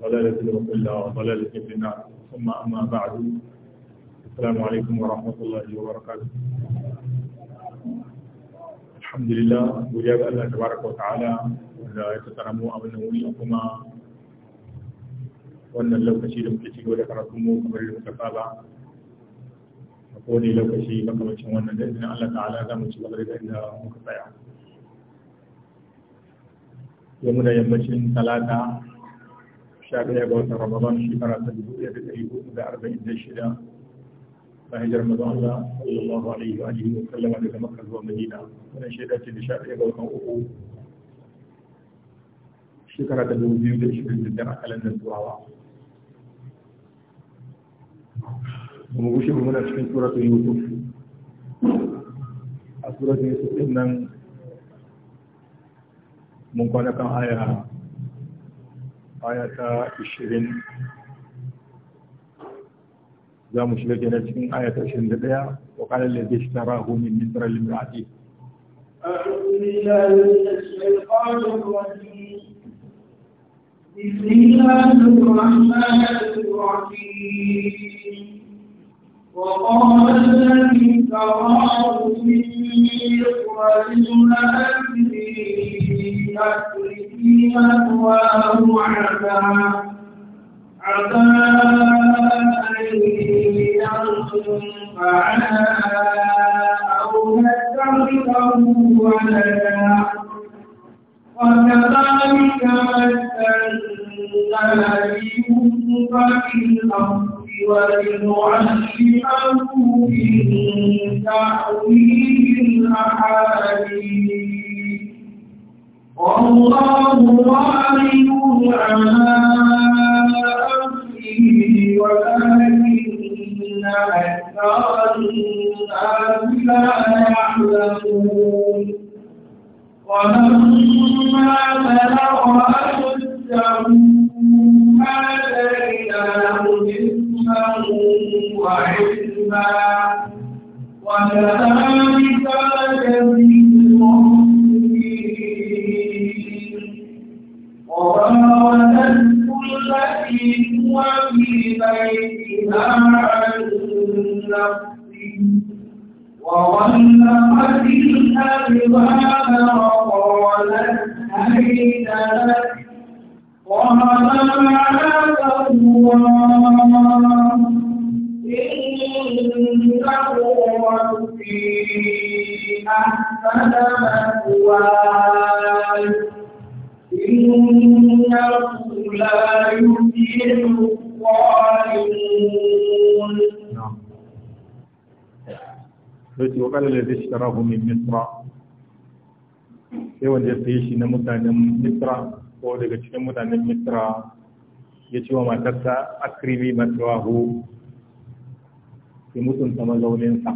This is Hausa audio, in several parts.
ضلالة الوكلة وضلالة الناس ثم أما بعد السلام عليكم ورحمة الله وبركاته الحمد لله وجاب الله تبارك وتعالى ولا يتترموا أبن أولي أقوما وأن لو كشي لم تشي وذكركم قبل المتفابة وقولي لو كشي فكما شوانا لإذن الله تعالى دام الشيء بغرد إلا مكفايا يومنا يمشي ثلاثة شابه بوت رمضان شكرا تدبو يا بالأيبو إلى أربعين ذي شدا فهج رمضان صلى الله عليه وآله وسلم على مكة ومدينة من شهدت لشابه بوت أخو شكرا تدبو بيو ذي شدا تدرع على النسوة ومغوشي بمنا في سورة يوسف سورة يوسف إنن من قال كان آية aya ta 20 za mu shiga kenan cikin aya ta 21 wa kalar da zai shi min mitarar limrati في أكواب عسى عسى أن ينفعنا أو نتخذه ولدا وكذلك مكنا ليوسف في الأرض من تأويل الأحاديث والله وارد على أمره ولكن أكثر الناس لا يعلمون ولما بلغ أشده آتيناه جسما وعلما وكذلك نجزي المحسنين وراودته التي هو في بيتها عن نفسه وغلقت الأبواب وقالت هيت لك قال معاذ الله إنه ربي أحسن مثواي إنه لا يدين الظالمون وقال الذي اشتراه من مصر sai wanda ya saye shi na mutanen misra ko daga cikin mutanen misra ya ce wa matarsa akrimi matsawahu ki mutunta mazauninsa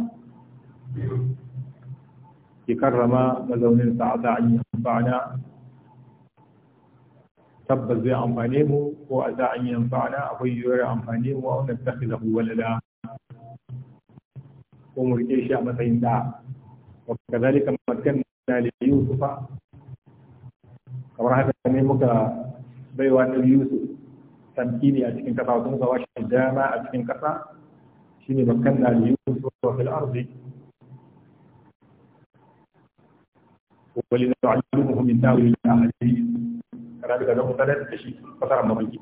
ki karrama mazauninsa a ta'ayin fa'ana tabbas zai amfane mu ko a za an yanfa'ana akwai yiwuwar amfane mu a wannan takhizahu walada ko mu rike shi a matsayin da wa kadhalika makanna li yusufa kamar haka ne muka baiwa na yusuf tamkini a cikin kasa sun gawa shi dama a cikin kasa shine makanna li yusuf wa fil ardi ولنعلمه من تاويل الاحاديث kada daga nan kada da shi fasara mafaki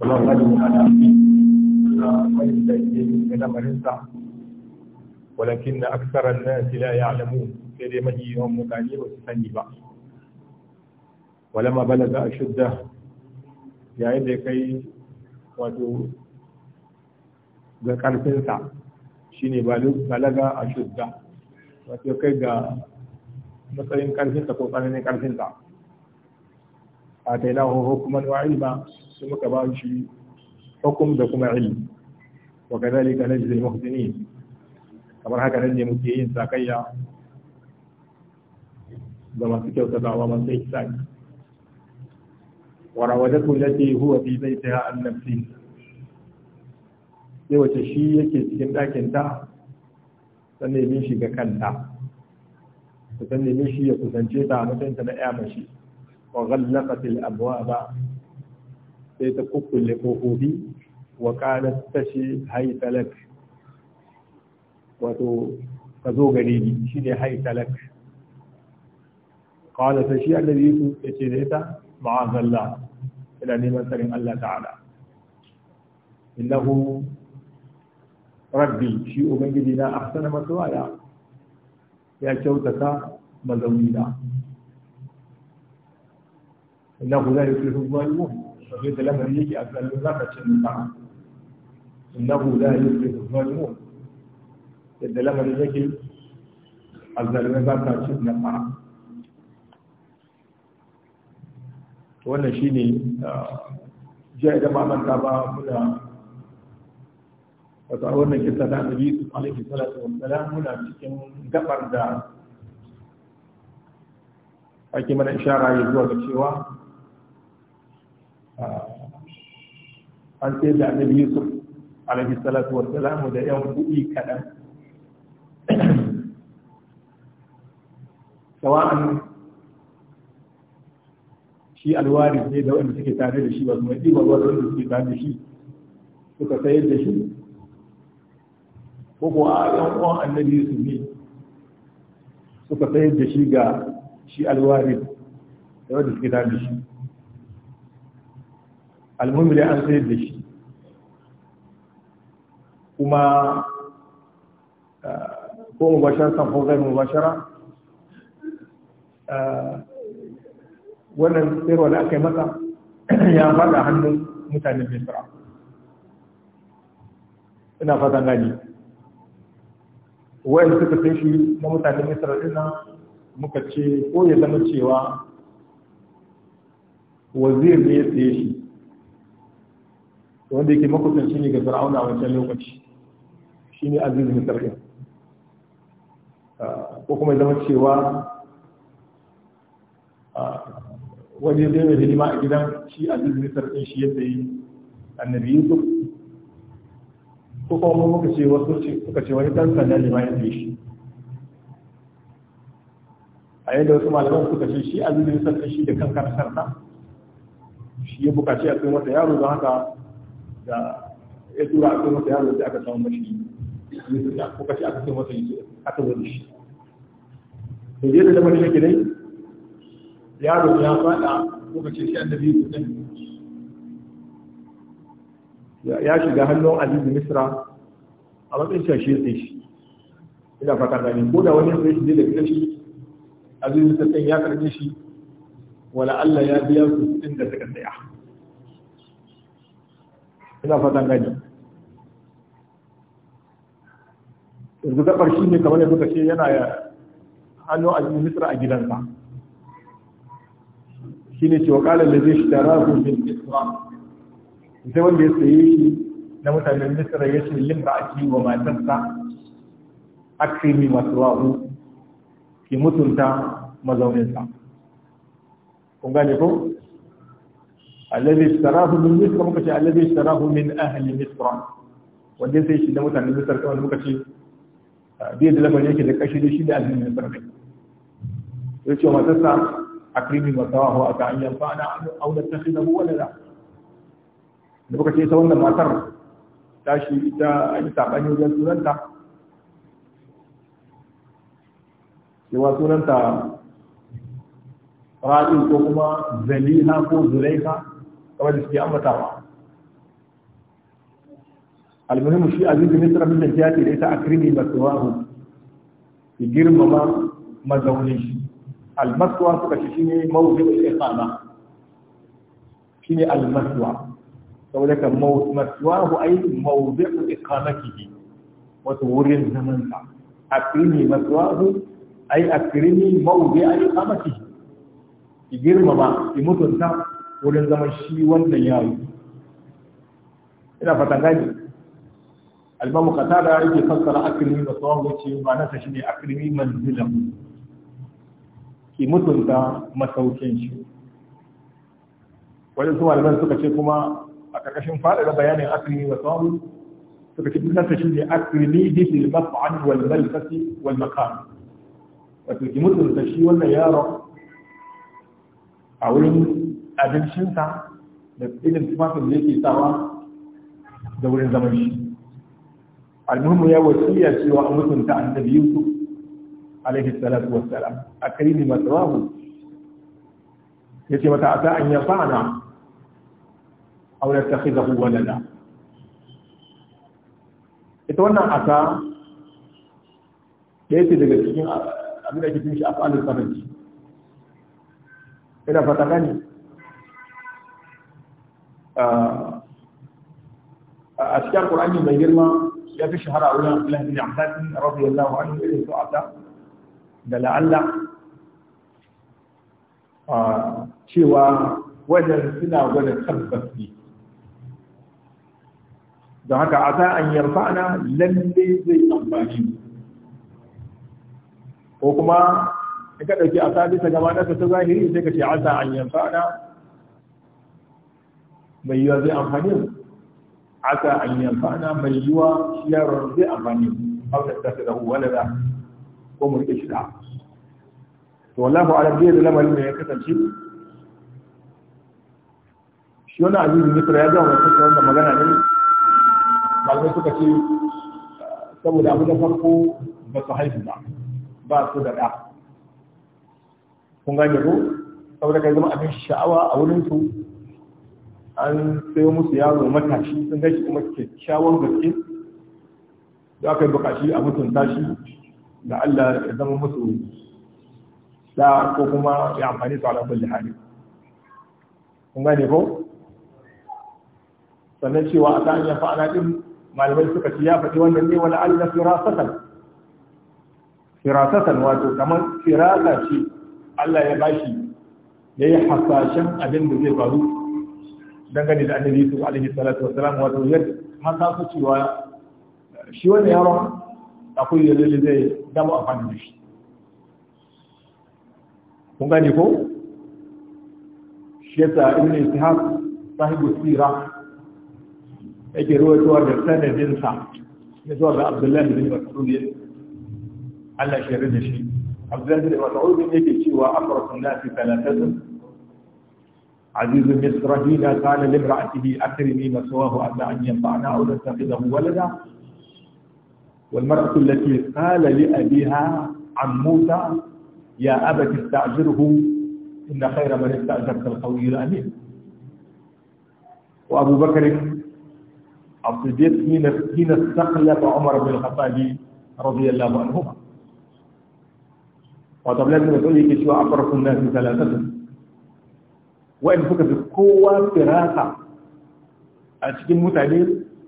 wannan kada mu hada na mai da yake da lamarin sa walakin aksar an-nas la ya'lamun sai dai mahi yawan mutane ba su sani ba walama balaga a ashudda yayin da kai wato ga karfinsa shine balaga shudda. wato kai ga matsayin karfinsa ko tsananin karfinsa atainahu hukman wa ilma sai muka ba shi hukum da kuma ilmi wa kadhalika najzi al-muhsinin kamar haka nan ne muke yin sakayya da masu kyautatawa masu ihsani wa rawadatu lati huwa fi baytiha an nafsi sai wace shi yake cikin ɗakin ta sannan yin shi ga kanta sannan yin shi ya kusance ta a matsayin na ƴa mace wa ghallaqat al-abwaba sai ta kukkulle kofofi wa qalat tashi haytalak wato ka zo gare ni shine haytalak qala tashi annabi yusuf yace da ita ma'azallah ila neman tsarin Allah ta'ala innahu rabbi shi ubangiji na ahsana maswaya ya kyautata mazaunina innahu la yuflihu zalimun sai da lamarin yake a zalun zaka ce ta innahu la yuflihu zalimun yadda lamarin yake a zalun zaka ce ta wannan shine jiya idan ba manta ba muna wata wannan kisa da annabi alaihi salatu wassalam muna cikin gabar da ake mana ishara ya zuwa ga cewa an sai da annabi yusuf alaihi salatu wa salamu da yan buɗi kaɗan sawa'an shi alwari ne da wanda suke tare da shi ba su mai ɗiba ba wanda suke tare da shi suka sayar da shi ko a yan uwan annabi yusuf ne suka sayar da shi ga shi alwari da wanda suke tare da shi almuhimmi dai an sayar da shi kuma eh, ko mubashar san ko zai mubashara eh, wannan sayarwa da aka yi masa ya faɗa hannun mai misra ina fatan gani wayan suka sai shi na mai misra ina muka ce ko ya zama cewa wazir ne ya tsaye shi wanda yake shi ne ga fir'auna a wancan lokaci shine aziz bin sarkin ah, ko kuma zama cewa ah, wani zai mai hidima a gidan shi aziz bin sarkin shi yadda yi annabi yusuf ko kuma muka ce wasu suka ce wani dan da lima ma ya shi a yadda wasu malaman suka ce shi aziz bin sarkin shi da kankan sarka shi ya bukaci a kai wata yaro don haka da ya tura a kai masa yaro da aka samu mashi ko kashi aka kai masa yusuf aka zo da shi to je da lamarin yake dai yaro ya fada ko kace shi annabi yusuf din ya shiga hannun aziz misra a matsayin shashe sai shi ina fata gani ko da wani sai shi da gidan shi aziz misra ya karbe shi wala Allah ya biya su din da suka tsaya ina fatan gani yanzu shi ne kamar yanzu ka ce yana hannu a Misira a gidansa shi ne cewa kalar da zai da su bin isra sai wanda ya sayi shi na mutanen misra ya ce yin ba a ci wa matarsa akrimi masu wahu ki mutunta mazauninsa kun gane ko الذي اشتراه من مصر مكتشي الذي اشتراه من اهل مصر وجن سي شي نموت من مصر كما مكتشي آه، دي دي لما يجي لك اشي دي شي دي اهل مصر مي يجي وما تسا اكريمي وطاه واتا ان ينفعنا او نتخذه ولا لا مكتشي سوى ان المعتر تاشي اتا اي تابعني وجل سولنتا يوا سولنتا رائل كوكما زليها كو زليها kamar da suke ambatawa almuhimu shi azizu misra min najati da ita akrimi maswahu ki girmama mazaunin shi almaswa suka shi shine mawdu'ul iqama shine almaswa saboda ka maswahu ay mawdu'u iqamatihi wato wurin zaman sa akrimi maswahu ay akrimi mawdu'u iqamatihi ki girmama ki mutunta wurin zama shi wannan yayi ina fatan gani albamu kata yake fassara akrimi da tsawon wuce ba nasa shi ne akrimi manzila ki mutunta masaukin shi wajen su malaman suka ce kuma a karkashin faɗaɗa bayanin akrimi da tsawon suka ce duk nasa shi ne akrimi bihi maf'al wal malfasi wal maqam wato ki mutunta shi wannan yaro a wurin abincinsa da irin tumatir da yake sawa da wurin zaman shi almuhimmu ya wasiya cewa an mutunta annabi yusuf alaihi salatu wassalam akrimi Ya ce mata ta an yafa'ana aw natakhidahu walada ita wannan ata ɗaya ce daga cikin abin da ake cin shi a fa'alin sarari ina fata gani a cikin Qur'ani mai girma ya fi shahara a wurin Abdullah rabu Abbas wa anhu irin su Ata da la'alla cewa wajen suna gwada tabbafi don haka a ta an yarfa na lalle zai amfani ko kuma in ka ɗauki a sa bisa gama ɗasa ta zahiri sai ka ce a ta an yarfa na mai yiwa zai amfani aka an amfana mai yiwa yaron zai amfani au da ta da wani da ko mu rike shi da to wallahu ala bi da lamarin da ya kasance shi wannan azizi ne ya wasu wannan wannan magana ne malamai suka ce saboda abu da farko ba su haihu ba ba su da ɗa kun gane ko saboda kai zama abin sha'awa a wurin su an sayo musu yaro matashi sun gashi kuma kyakkyawan gaske da aka yi bukaci a mutunta shi da Allah ya zama musu da ko kuma ya amfani su ala kulli hali kun gane ko sannan cewa a kan ya fa'ala din malamai suka ci ya faɗi wannan ne wala Allah firasatan firasatan wato kamar firasa ce Allah ya bashi yayi hasashen abin da zai faru dangane da annabi Yusuf alaihi salatu wassalam wato yadda har ta so cewa shi wani yaron akwai yanzu da zai damu amfani da shi kun gane ko shi yasa ibn ishaq sahibu sira yake ruwaitowa da sanadinsa ya zuwa ga abdullahi bin mas'ud Allah shi da shi abdullahi bin mas'ud yake cewa afratu nasi talatatun عزيز مصر إذا قال لامرأته أكرمي مثواه أما أن ينفعنا أو نتخذه ولدا والمرأة التي قال لأبيها عن موسى يا أبت استأجره إن خير من استأجرت القوي الأمين وأبو بكر الصديق حين استخلف عمر بن الخطاب رضي الله عنهما وطبعا لازم تقول لك شو أقرب الناس ثلاثة wa'in suka fi kowa firasa a cikin mutane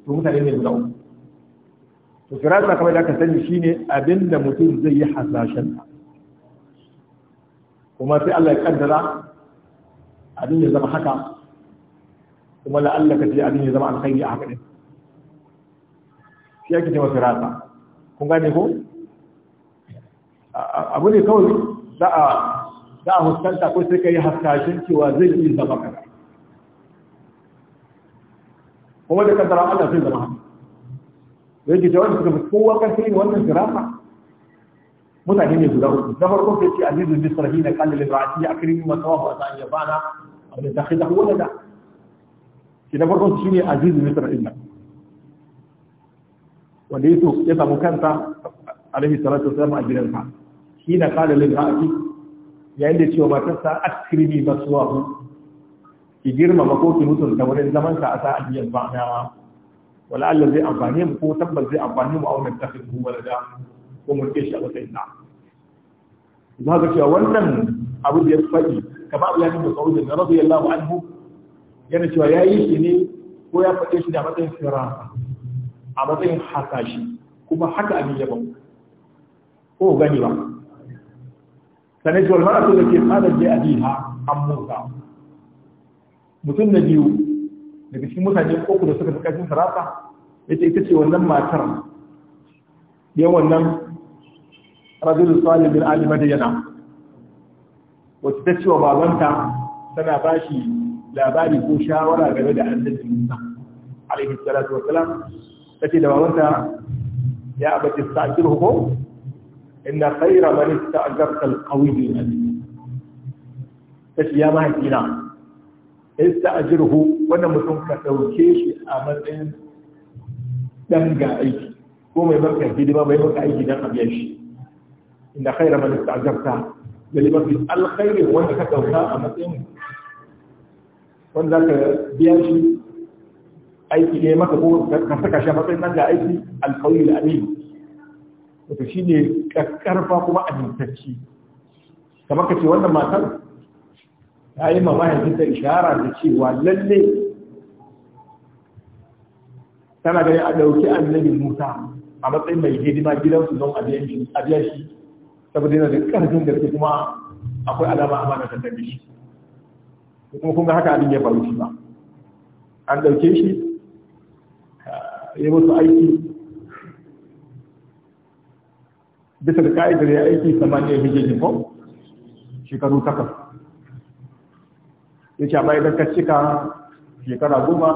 to mutane ne guda uku to firasa kamar da aka sani shi ne abinda mutum zai yi hasashen kuma sai Allah ya kaddara abin ya zama haka kuma la'alla ka ce abin ya zama alkhairi a haka din shi ake cewa firasa kun gane ko abu ne kawai za a za a huskanta ko sai ka yi hasashen cewa zai yi zama kaza kuma da kaddara Allah zai zama haka da yake jawabin suka fi kowa kasiri wannan jirafa mutane ne guda uku na farko sai ce azizun bisrahi na kallon a ya akirin masawa ba za a iya bana a wani ta haida wani da shi na farko shi ne azizu, azizun bisrahi na wanda ya samu kansa alaihi salatu wasallam a gidansa shi na a liberati yayin da cewa matarsa askrimi masuwahu ki girmama ko ki mutunta wurin zaman sa a sa'ad yin ba'nawa wala Allah zai amfane mu ko tabbas zai amfane mu a wannan tafihu walada ko mu kishi a matsayin da za ka cewa wannan abu da ya faɗi kamar abu ya fi da sauri da radiyallahu anhu yana cewa ya yi shi ne ko ya faɗe shi da matsayin sirra a matsayin hasashi kuma haka abin yabo ko gani ba sannan shi wal maratu da ke je a jiha an musa mutum na biyu daga cikin mutane uku da suka fi ƙarfin sarrafa ya ce ita ce wannan matar ya wannan rajulun salim bin ali madiyana wacce ta cewa babanta tana ba shi labari ko shawara game da annabi musa alaihi salatu wasalam ta ce da babanta ya abace sa'akir hukum إن خير من استأجرت القوي الأمين تشي يا كنا استأجره وانا متون كتوكيش أمدين دنجا أيكي كوما يبقى هدما ما يبقى أيكي دنجا بيش إن خير من استأجرت يلي الخير هو أنك كتوكا أمدين wanda za ka biya shi aiki ne maka ko ka saka القوي a wato shi ne ƙarfa kuma a amintacci kamar ka ce wannan matar ta yi mamayancinta ishara da cewa lalle tana gani a ɗauki annabi musa a matsayin mai hidima gidansu don abiya shi saboda yana da ƙarfin gaske kuma akwai alama amana ta da shi kuma kun ga haka abin ya faru shi ba an ɗauke shi ya musu aiki bisa da ka'idar ya aiki samaniyar hijjajin ko shekaru takwas ya ce amma idan ka cika shekara goma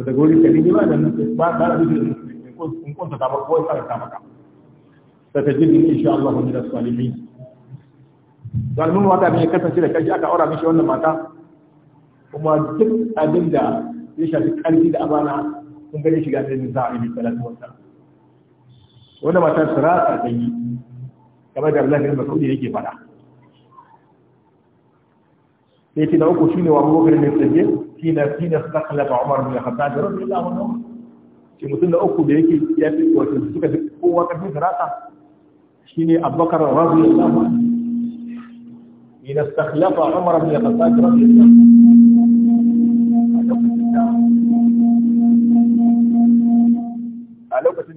da daga wuri ka nima da ba ba da in kunta ta ko tsara ta maka ta ta jirgin insha Allah min as-salimin zalimin wata ne ya kasance da kashi aka aura mishi wannan mata kuma duk abin da ya shafi karfi da abana kun gane shiga sai za a yi salatu wa salam wanda matar su ratsa ganyi kamar da Allah ibn Mas'ud yake fada sai ce na uku shine wa Abu Bakar ne sai shi na shi na sakala ba Umar bin Khattab radiyallahu anhu shi mutum na uku da yake ya fi wato suka fi kowa karfin su ratsa shine Abubakar Bakar radiyallahu anhu ina sakala ba Umar bin Khattab radiyallahu anhu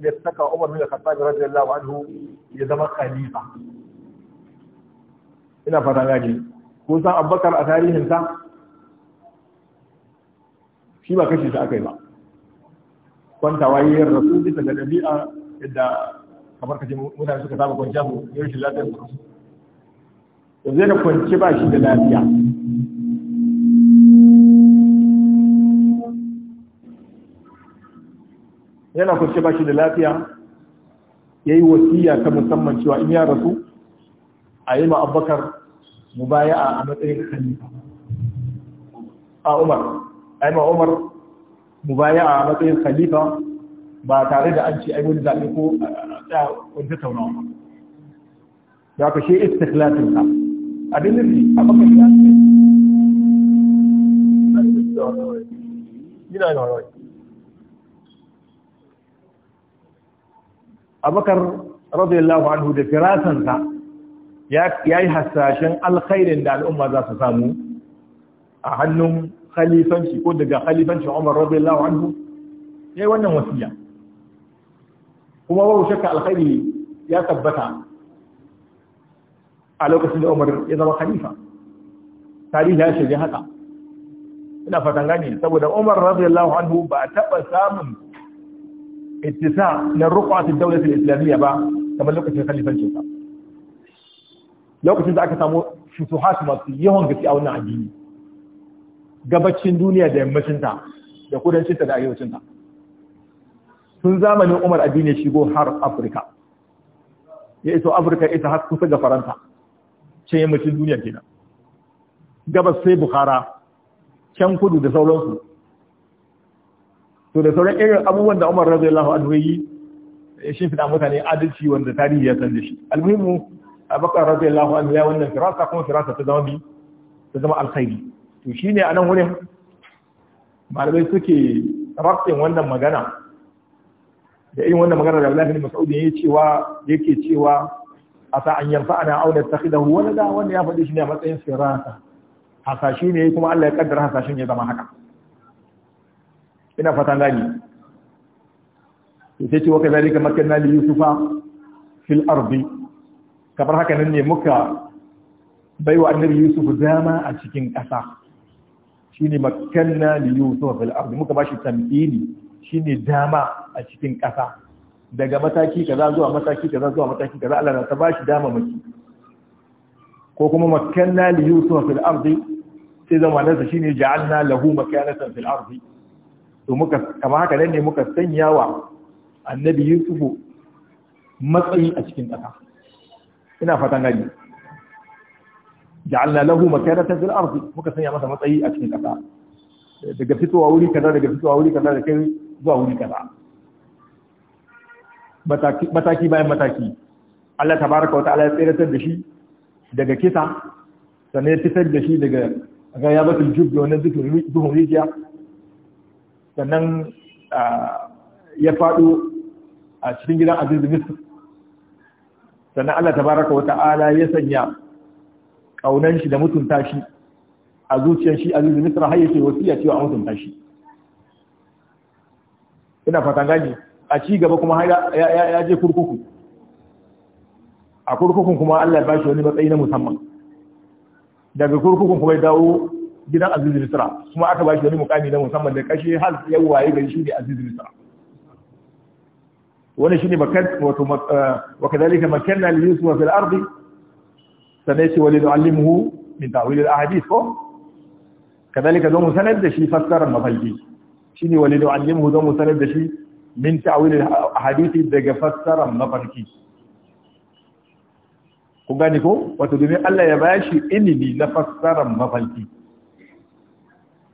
lokacin da ya saka Umar bin Khattab radiyallahu anhu ya zama khalifa ina fata ji ko san Abubakar a tarihin sa shi ba kashi aka akai ba kwantawa yayin rasu bisa da dabi'a yadda kamar kaje mutane suka saba kwanciya mu yau shi lafiya yanzu da kwanci ba shi da lafiya yana kwance ba shi da lafiya ya yi wasiya ta musamman cewa in ya rasu a yi ma'abbakar mu baya a matsayin khalifa a umar a yi ma'umar mu baya a matsayin khalifa ba tare da an ce ai wani zaɓe ko a wani tattaunawa ba ya ka shi istiklatin ka abin a bakar yana yana abakar radiyallahu anhu da firasansa ya yi hasashen alkhairin da al'umma za su samu a hannun khalifanci ko daga khalifanci umar radiyallahu anhu ya yi wannan wasiya kuma babu shakka alkhairi ya tabbata a lokacin da umar ya zama khalifa tarihi ya shirya haka ina fatan gane saboda umar radiyallahu anhu ba a taɓa samun ittisa na rukwatin daular islamiyya ba kamar lokacin khalifancin sa lokacin da aka samu futuhat masu yawan gaske a wannan addini gabacin duniya da yammacin ta da kudancinta, da arewacin tun zamanin Umar addini shigo har Afirka ya iso Afirka ita har kusa ga Faransa ce yammacin duniya kenan gabas sai Bukhara can kudu da sauransu to da sauran irin abubuwan da Umar radiyallahu anhu yi shi fita mutane adalci wanda tarihi ya san da shi almuhimmu Abubakar radiyallahu anhu ya wannan firasa kuma firasa ta zama bi ta zama alkhairi to shine anan wurin malamai suke rafin wannan magana da irin wannan magana da Abdullahi bin Mas'ud ya cewa yake cewa asa an yarfa ana auna takhidahu da wanda ya faɗi shi ne a matsayin firasa hasashe ne kuma Allah ya kaddara hasashen ya zama haka ina fatan gani sai ce wa kazalika makanna li yusufa fil ardi kamar haka nan ne muka baiwa annabi yusuf dama a cikin ƙasa shine makanna li yusufa fil ardi muka bashi tamkini shine dama a cikin ƙasa daga mataki kaza zuwa mataki kaza zuwa mataki kaza Allah na ta bashi dama maki ko kuma makanna li yusufa fil ardi sai zama nasa shine ja'alna lahu makanatan fil ardi to muka kama haka nan ne muka sanya wa annabi yusufu matsayi a cikin ƙasa ina fatan gani ja'alna lahu makanatan fil ardi muka sanya masa matsayi a cikin ƙasa daga fitowa wuri kaza daga fitowa wuri kaza da kai zuwa wuri kaza mataki mataki bayan mataki Allah tabaraka wa ta'ala ya tsiratar da shi daga kisa sannan ya fitar da shi daga ga ya batul jub da wannan zikrin duhun rijiya sannan ya faɗo a cikin gidan aziz misir sannan Allah tabaraka wa ta'ala ya sanya kaunan shi da mutunta shi a zuciyar shi aziz misir har yake wasiya cewa a mutunta shi ina fatan gani a ci gaba kuma ya je kurkuku a kurkukun kuma Allah ya bashi wani matsayi na musamman daga kurkukun kuma ya dawo gidan aziz misra kuma aka ba shi wani mukami na musamman da kashe har ya waye gari shi ne aziz misra wani shi ne makan wato eh, wa kadhalika makanna li yusuf fil ardi sanayati walid alimuhu min ta'wil al ahadith ko kadhalika zamu sanad da shi fassara mafalki shine walid alimuhu zamu sanad da shi min ta'wil al ahadith daga fassara mafalki kun gane ko wato domin Allah ya bashi ilimi na fassarar mafalki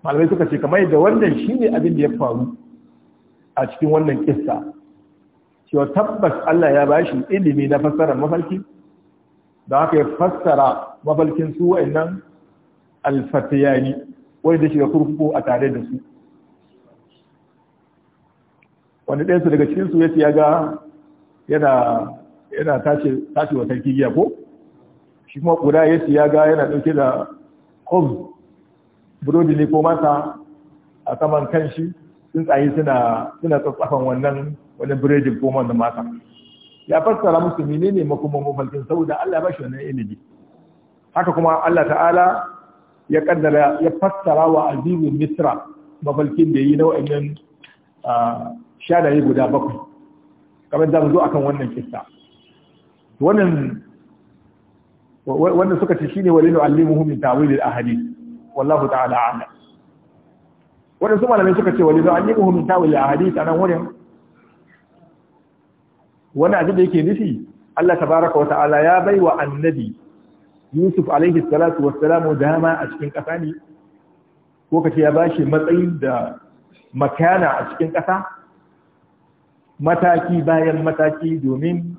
malamai suka ce kamar yadda wannan shi ne abin da ya faru a cikin wannan kissa cewa tabbas Allah ya ba shi ilimi na fassarar mafalki da haka ya fassara mafalkin su wa'annan alfatiyani da shiga kurkuku a tare da su wani ɗansu daga cikinsu ya ce ya ga yana tashi wa sarki giya ko shi kuma ƙuda ya ya ga yana ɗauke da ƙobz burodi ne ko mata a saman kan shi tsuntsaye suna suna tsatsafan wannan wani biredin ko wannan mata. ya fassara musu menene makuma mafalkin saboda Allah ba shi wannan ilimi haka kuma Allah ta'ala ya kaddara ya fassara wa azizin misra mafalkin da yi na wa'annan shanaye guda bakwai kamar za mu zo akan wannan kissa wannan suka ce shine walilu allimuhu min ta'wilil ahadith wallahu ta'ala a'lam wadansu malamai suka ce wani an yi muhimmin tawil a hadisi nan wurin wani abin da yake nufi Allah tabaraka wa ta'ala ya bai wa annabi Yusuf alaihi salatu dama a cikin ƙasa ne ko kace ya bashi matsayin da makana a cikin ƙasa mataki bayan mataki domin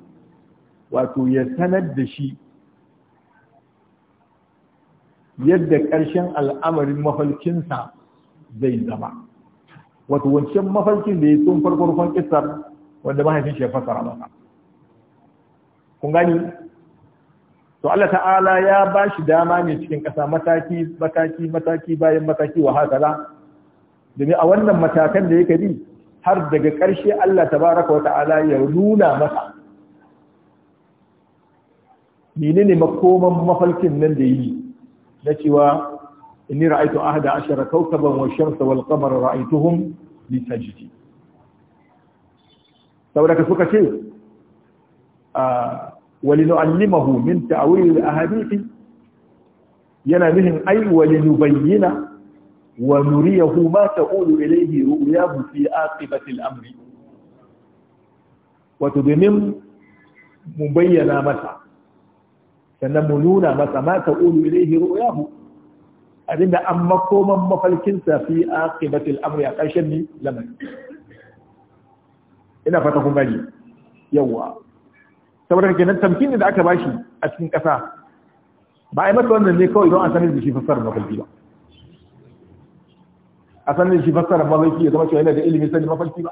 wato ya sanar da shi yadda ƙarshen al'amarin mafarkinsa zai zama wato wancan mafarkin da ya tun farkon kisar wanda mahaifin shi ya fasara masa kun gani to Allah ta'ala ya ba shi dama ne cikin ƙasa mataki mataki mataki bayan mataki wa hakala domin a wannan matakan da yake bi har daga ƙarshe Allah tabaraka wa ta'ala ya nuna masa menene makoman mafalkin nan da yi na cewa inni ra'aytu ahada ashara kawkaban wa shamsa wal qamara ra'aytuhum li sajdi saboda ka suka ce a walinu'allimahu min ta'wil ahadithi yana nihin ai walinubayyina wa nuriyahu ma taqulu ilayhi ru'yahu fi aqibati al-amri wato domin mu bayyana masa sannan mu nuna masa ma ta ulu ilaihi ru'yahu abinda an makoman mafalkin sa fi al amri a ƙarshen ni lamari ina fata kun gani yawa saboda kenan tamkin da aka bashi a cikin ƙasa ba a yi masa wannan ne kawai don a sanar da shi fassara mafalki ba a sanar da shi fassara mafalki ya zama cewa yana da ilimi sanin mafalki ba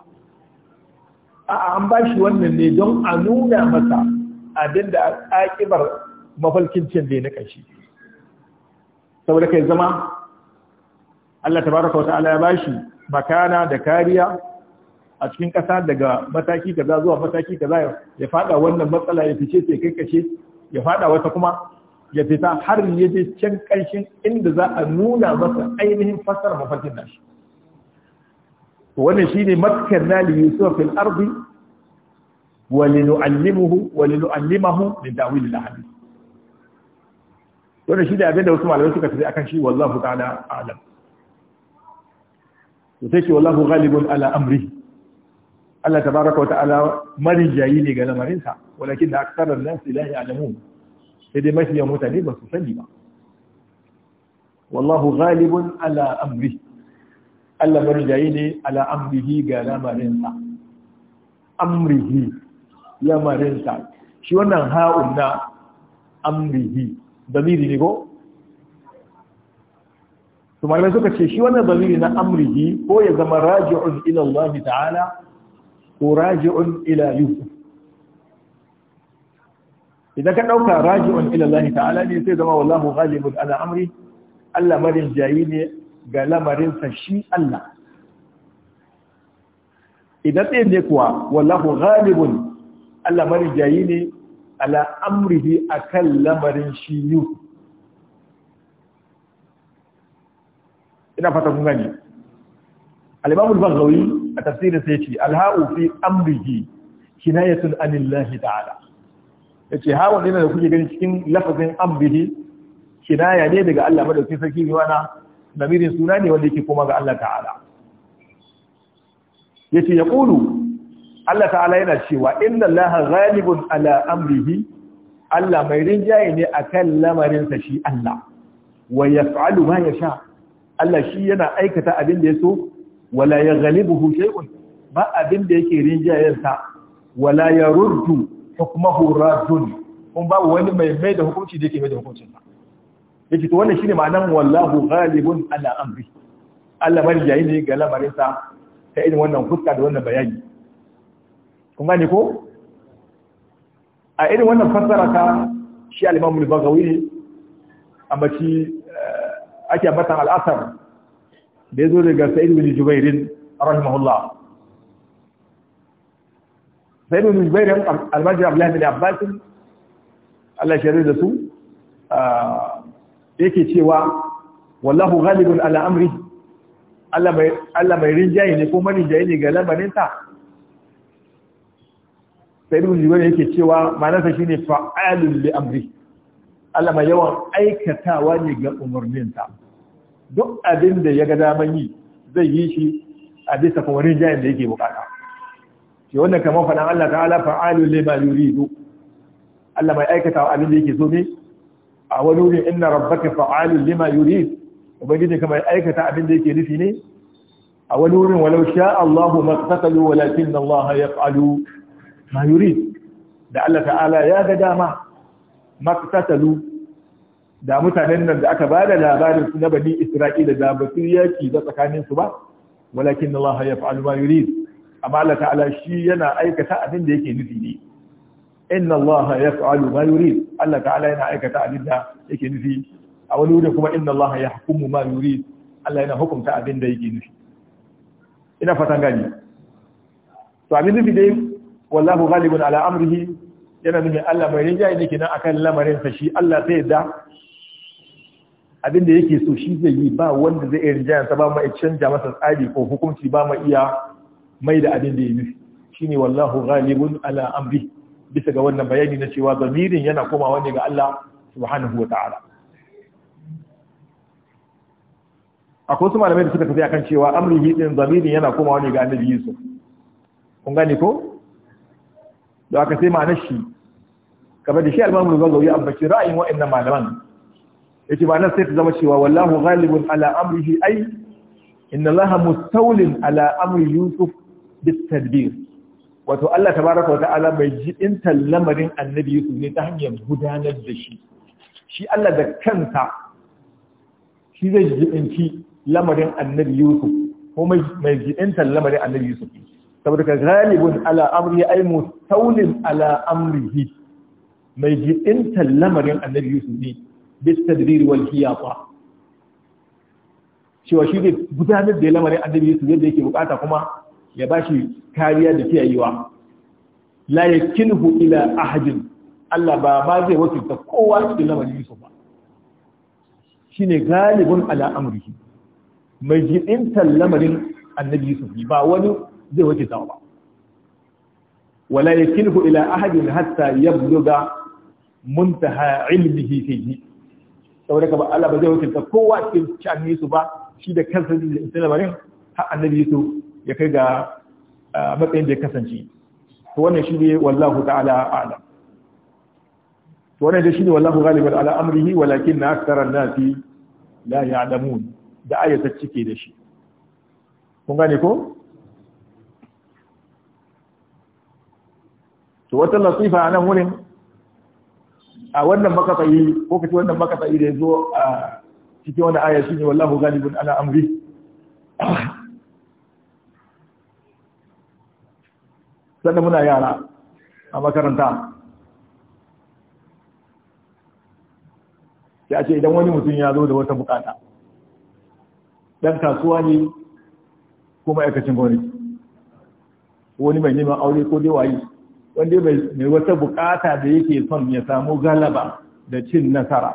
a'a an bashi wannan ne don a nuna masa abinda ƙaƙibar. mafarkin can da na ƙashi saboda kai zama Allah tabaraka wata'ala ya bashi makana da kariya a cikin ƙasa daga mataki kaza zuwa mataki kaza ya fada wannan matsala ya fice sai kai kashe ya fada wata kuma ya fita har ya je can ƙarshen inda za a nuna masa ainihin fasar mafarkin nashi wannan shine makkanna li yusuf fil ardi wa linu'allimuhu wa linu'allimahu min ta'wil al-ahadith wannan shi da abinda wasu malamai suka tafi akan shi wallahu ta'ala alam to sai ce wallahu ghalibun ala amri Allah tabaraka wa ta'ala marijayi ne ga lamarin sa walakin da aksarar nas la ya'lamun sai dai mafi yawan mutane ba su sani ba wallahu ghalibun ala amri Allah marijayi ne ala amrihi ga lamarin sa amrihi lamarin sa shi wannan ha'un na amrihi damiri ne ko to malamai suka ce shi wannan damiri na amrihi ko ya zama raji'un ila Allah ta'ala ko raji'un ila Yusuf idan ka dauka raji'un ila Allah ta'ala ne sai zama wallahu ghalibun ala amri Allah marin jayi ne ga lamarin sa shi Allah idan ɗaya ne kuwa wallahu ghalibun Allah marin jayi ne ala amrihi akan lamarin shi yu ina fata kun ne. al-imam al-baghawi a tafsirin sai ce al-ha'u fi amrihi kinayatun anillahi ta'ala yace hawan ne da kuke gani cikin lafazin amrihi kinaya ne daga Allah madauki sarki ne wana damirin suna ne wanda yake koma ga Allah ta'ala yace yaqulu Allah ta'ala yana cewa inna Allah ghalibun ala amrihi Allah mai rinjaye ne akan lamarin sa shi Allah wa yaf'alu ma yasha Allah shi yana aikata abin da yaso wala yaghlibuhu shay'un ba abin da yake rinjayen sa wala yaruddu hukmuhu raddun kun babu wani mai mai da hukunci da yake mai da hukuncin sa yake to wannan shine ma'anar wallahu ghalibun ala amri Allah mai rinjaye ne ga lamarin sa ta irin wannan fuska da wannan bayani Kuma ne ko a irin wannan fassara ta shi al imamu al-Baghawi ambaci eh, ake ambata al asar da yazo daga Sa'id bin Jubair rahimahullah Sa'id bin Jubair al-Majri Abdullah bin Abbas Allah shi da su eh, yake cewa wallahu ghalibun ala amri Allah mai rinjaye ne ko marinjaye ne ga lamarinsa sai ibn jubair yake cewa ma'anarsa shine fa'alun li amri Allah mai yawan aikatawa ne ga umarninta, duk abin da ya ga daman yi zai yi shi a bisa kawarin jayin da yake bukata shi wannan kamar faɗan Allah ta'ala fa'alul li ma yuridu Allah mai aikatawa abin da yake zo ne a wani wurin inna rabbaka fa'alul lima yurid ubangiji kamar aikata abin da yake nufi ne a wani wurin walau sha Allahu maqtatalu walakin Allah yaf'alu ma yurid da Allah ta'ala ya ga dama maktatalu da mutanen nan da aka bada labarin su na bani Isra'ila da ba su yaki da tsakanin su ba walakin Allah ya fa'alu ma yurid amma Allah ta'ala shi yana aikata abin da yake nufi ne inna Allah ya fa'alu ma yurid Allah ta'ala yana aikata abin da yake nufi a wani wurin kuma inna Allah ya hukumu ma yurid Allah yana hukunta abin da yake nufi ina fatan gani to abin nufi dai wallahu ghalibun ala amrihi yana nuna Allah mai rinjaye ne kenan akan lamarin sa shi Allah sai da abinda yake so shi zai yi ba wanda zai rinjaye sa ba mai canja masa tsari ko hukunci ba mai iya mai da abinda yake ya nufi shine wallahu ghalibun ala amri bisa ga wannan bayani na cewa zamirin yana komawa ne ga Allah subhanahu wataala akwai wasu malamai da suka tafi akan cewa amrihi din zamirin yana komawa ne ga annabi Yusuf kun gane ko da aka sai ma'anar shi kamar da shi al-Imam Bukhari ya ambaci ra'ayin wa'annan malaman yace ma'anar sai ta zama cewa wallahu ghalibun ala amrihi ay inna Allaha mustawlin ala amri Yusuf bitadbir wato Allah tabaraka wa ta'ala mai jibin lamarin annabi Yusuf ne ta hanyar gudanar da shi shi Allah da kanta shi zai jibinci lamarin annabi Yusuf ko mai jibin lamarin annabi Yusuf saboda ka galibun ala amri ai mustawlin ala amrihi mai jibinta lamarin annabi yusuf ne bis tadbir wal hiyafa cewa shi ne gudanar da lamarin annabi yusuf yadda yake bukata kuma ya bashi kariya da kiyayewa la yakilhu ila ahadin Allah ba ma zai ta kowa su lamarin yusuf ba Shi galibun ala amrihi mai jibinta lamarin annabi yusuf ba wani zai wuce sama ba wala yakilhu ila ahadin hatta yabluga muntaha ilmihi fihi saboda ka ba Allah ba zai wuce ta kowa cikin shani su ba shi da kansa da ita labarin har annabi su ya kai ga matsayin da ya kasance to wannan shi ne wallahu ta'ala a'lam to wannan da shi ne wallahu ghalibun ala amrihi walakin na aktaran nasi la ya'lamun da ayata cike da shi kun gane ko to wata nasifa a nan wurin a wannan makasai ko kace wannan makasai da yazo a cikin wani aya shine wallahu ghalibun ala amri sannan muna yara a makaranta ya ce idan wani mutum ya zo da wata bukata dan kasuwa ne ko ma'aikacin gwamnati wani mai neman aure ko dai waye wanda mai wata bukata da yake son ya samu galaba da cin nasara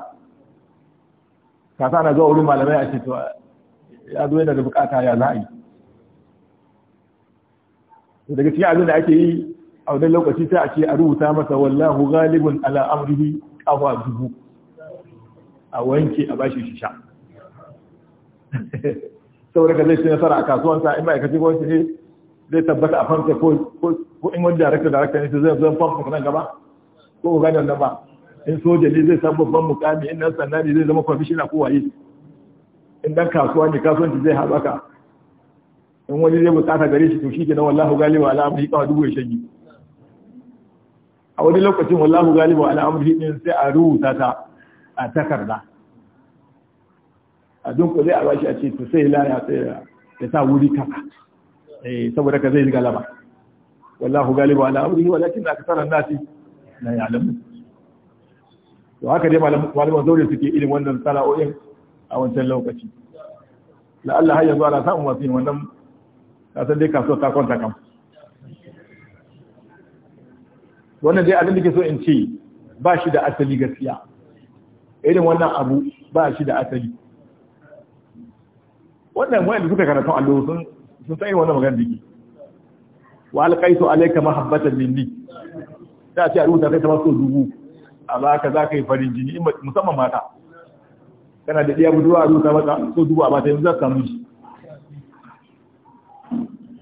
kasa na zuwa wurin malamai a cikin ya zo yana da bukata ya za a daga cikin abin da ake yi a wani lokaci sai ake a rubuta masa wallahu galibun ala amrihi kafa dubu a wanke a bashi shi sha saboda ka zai ci nasara a kasuwansa in ma'aikacin gwamnati ne zai tabbata a fanta ko ko in wani darakta darakta ne zai zan farko nan gaba ko ga nan ba in soja ne zai samu babban mukami in nan sannan ne zai zama kwamishina ko waye in dan kasuwa ne kasuwanci zai haɓaka in wani zai bukata gare shi to shi ke na wallahu galiba ala amri kawai dubu ya shagi a wani lokacin wallahu galiba ala amri din sai a rubuta ta a takarda a ko zai a bashi a ce to sai laya sai ya sa wuri kaka eh, saboda ka zai galaba والله galiba على امره ولكن اكثر الناس لا يعلمون to haka dai malaman zaure suke irin wannan sana'o'in a wancan lokaci la Allah har yanzu ana samun masu yin wannan kasan dai kasuwar ta kwanta kam wannan dai abin da ke so in ce ba shi da asali gaskiya irin wannan abu ba shi da asali wannan wanda suka karatu allo sun sun san irin wannan magana dake wa alƙaitu alaika mahabbatan minni da ce a rubuta kai kamar so dubu a ba ka za ka yi farin jini musamman mata kana da ɗaya budurwa a rubuta maka so dubu a ba yanzu za ka samu shi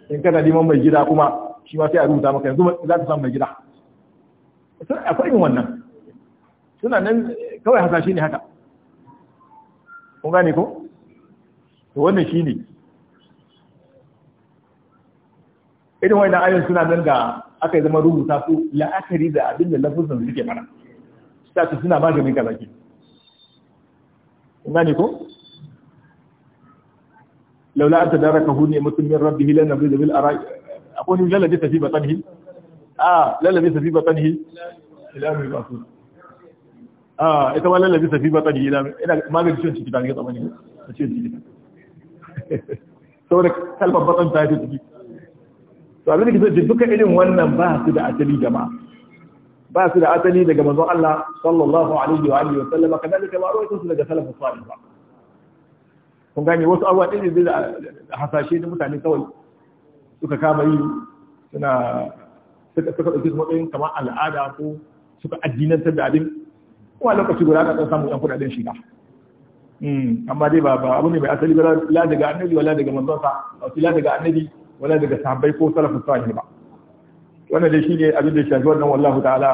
in kana neman mai gida kuma shi ma sai a rubuta maka yanzu za ka samu mai gida A yin wannan suna nan kawai hasashe ne haka kun gane ko to wannan shi ne irin na ayoyin suna nan da aka yi zama rubuta su la'akari da abin da lafuzan suke mana su suna maganin kaza ke ne ko laula an dara ka ne mutum min rabbihi na nabidu bil ara akwai ni lalabe tafi batanihi a lalabe tafi batanihi ila mai basu a ita ma lalabe tafi batanihi ila ina magani ciwon ciki ta ne ga tsamani ciwon ciki saboda kalmar batan ta yi ciki to abin da ke so duka irin wannan ba su da asali jama'a ba su da asali daga manzon Allah sallallahu alaihi wa alihi wa sallama kadalika ba ruwaito su daga salafus salih ba kun gane wasu abuwa din da hasashe da mutane kawai suka kama yi suna suka suka dauki matsayin kamar al'ada ko suka addinantar da abin kuma lokaci guda ka dan samu yan kudaden shiga hmm, amma dai ba abu ne mai asali ba la daga annabi wala daga manzon sa la daga annabi wala daga sahabbai ko salafin salih ba wannan dai shine abin da shafi wannan wallahu ta'ala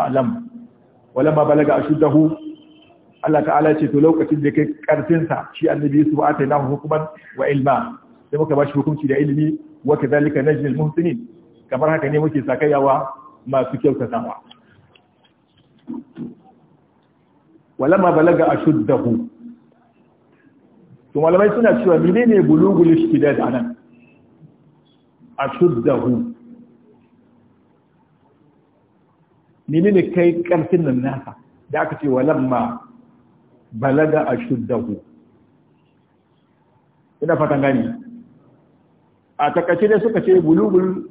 a'lam wala ma balaga ashuddahu Allah ta'ala ce to lokacin da kai karfin sa shi annabi su ba ata na hukuman wa ilma sai muka bashi hukunci da ilimi wa kadhalika najil muhsinin kamar haka ne muke sakayawa masu kyautatawa wala ma balaga ashuddahu to malamai suna cewa menene bulugul ishtidad anan ashuddahu menene kai karfin nan nasa da aka ce walamma balaga ashuddahu ina fatan gani a takaice dai suka ce bulugul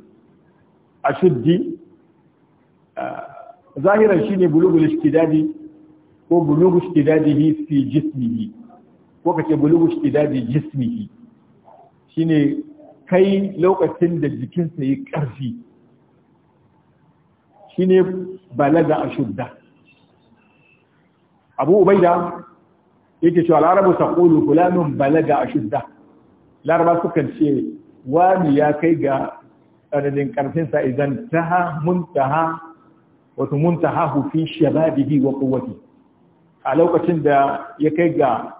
ashuddi zahiran shine bulugul ishtidadi ko bulugul ishtidadihi fi jismihi ko kace bulugul ishtidadi jismihi shine kai lokacin da jikinsa yi ƙarfi shi ne balaga a shudda abu ubaida yake cewa larabu saƙulu fulanin balaga a shudda laraba sukan ce wani ya kai ga tsananin ƙarfinsa idan ha wata wato muntaha hufi shababihi wa kowace a lokacin da ya kai ga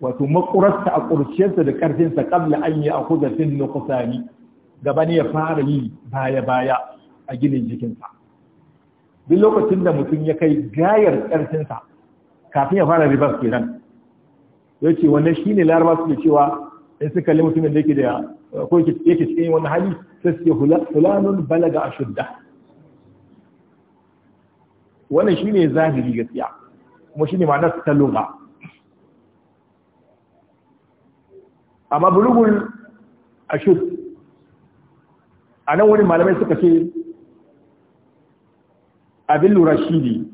wato makurarsa a ƙurciyarsa da ƙarfinsa ƙabla an yi a kudatin nukusani gaba ne ya fara yi baya-baya a ginin jikinsa duk lokacin da mutum ya kai gayar ƙarfinsa kafin ya fara ribar kenan ya ce wannan shi ne larabar su da cewa in su kalli mutumin da yake da ko yake cikin wani hali sai su fulanun balaga a shudda wannan shi ne zahiri gaskiya kuma shi ne ma'anar ta amma bulugul ashur a nan wani malamai suka ce abin lura shi ne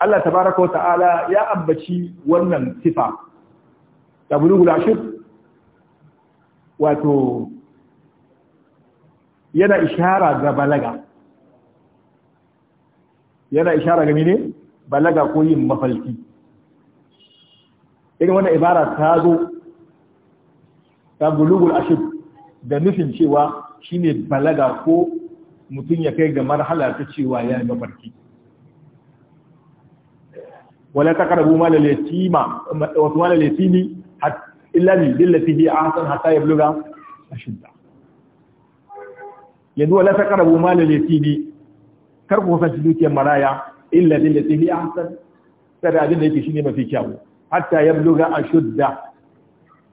Allah tabaraka wa ta'ala ya ambaci wannan sifa da bulugul ashur wato yana ishara ga balaga yana ishara ga ne balaga ko yin mafalki irin wannan ibara ta zo ta bulugul ashib da nufin cewa shine balaga ko mutum ya kai ga marhala ta cewa ya yi mafarki wala taqrabu mal al-yatima wa mal al-yatimi illa bi billati hi ahsan hatta yabluga ashidda yanzu wala taqrabu mal al-yatimi kar ku kusanci dukiyar maraya illa billati hi ahsan kada abin da yake shine mafi kyau hatta yabluga ashudda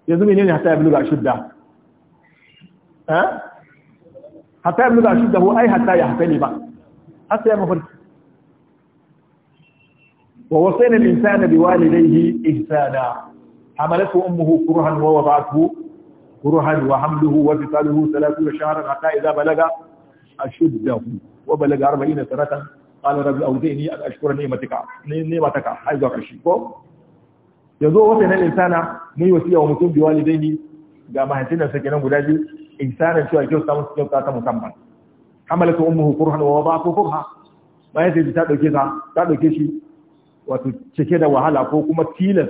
يزم ينين حتى يبلغ أشدة ها حتى يبلغ أشدة هو أي حتى يحتني بقى حتى يمفر ووصينا الإنسان بوالديه إحسانا حملته أمه كرها ووضعته كرها وحمله وفصاله ثلاثون شهرا حتى إذا بلغ أشده وبلغ أربعين سنة قال رب أوزيني أن أشكر نعمتك نعمتك عايز أكشفه yanzu wata nan insana mun yi wasiya wa mutum biyu walidaini ga da suke nan guda biyu insana cewa kyauta musu kyauta ta musamman ta ummuhu kurhan wa ba kurha bayan sai ta dauke ta ta dauke shi wato cike da wahala ko kuma tilas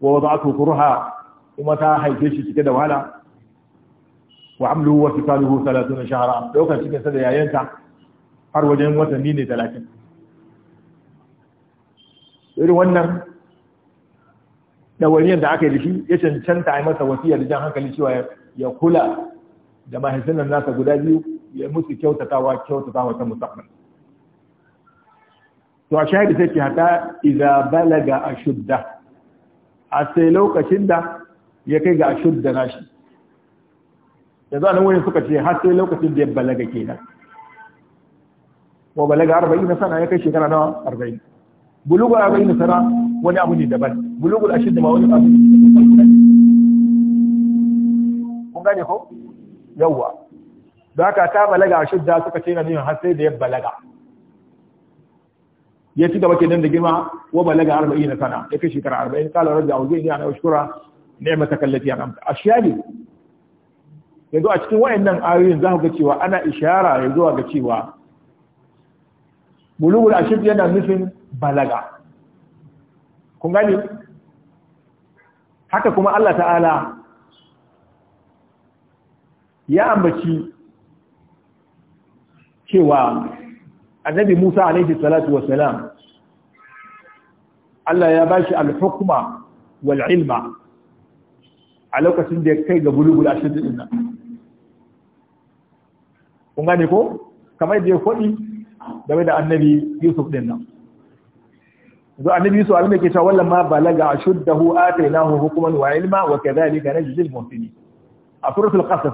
wa wada'atu kurha kuma ta haife shi cike da wahala wa amlu wa fitaluhu 30 shahra lokacin cikin sa da yayanta har wajen watanni ne 30 irin wannan Da wariyar da aka yi da shi ya cancanta a masa wasiyar jan hankali cewa ya kula da mahaifinan nasa guda biyu ya musu kyautatawa kyautatawa ta musamman to a shahidi sai ke hata idza balaga ashudda a sai lokacin da ya kai ga ashudda nashi yanzu anan wani suka ce har sai lokacin da ya balaga kenan Wa balaga na sana ya kai shekara nawa 40 bulugu 40 sana wani abu ne daban bulugul ashid da ma wani abu kun gane ko yawwa don aka ta balaga da suka ce na nuna har sai da ya balaga ya ci gaba kenan da girma wa balaga 40 sana ya kai shekara 40 kala rabbi auzini ana shukura ni'mataka allati an'amta ashiyali yanzu a cikin wayannan ayoyin za ku ga cewa ana ishara ya zuwa ga cewa bulugul ashid yana nufin balaga kun gani haka kuma Allah ta'ala ya ambaci cewa annabi Musa alaihi salatu wassalam Allah ya bashi al-hukma wal ilma a lokacin da ya kai ga bulubul ashirin din nan kun gane ko kamar da ya faɗi game da annabi Yusuf din zo annabi yusuf alim yake cewa wallan ma balaga ashuddahu atainahu hukman wa ilma wa kadhalika najzil muhsinin a suratul qasas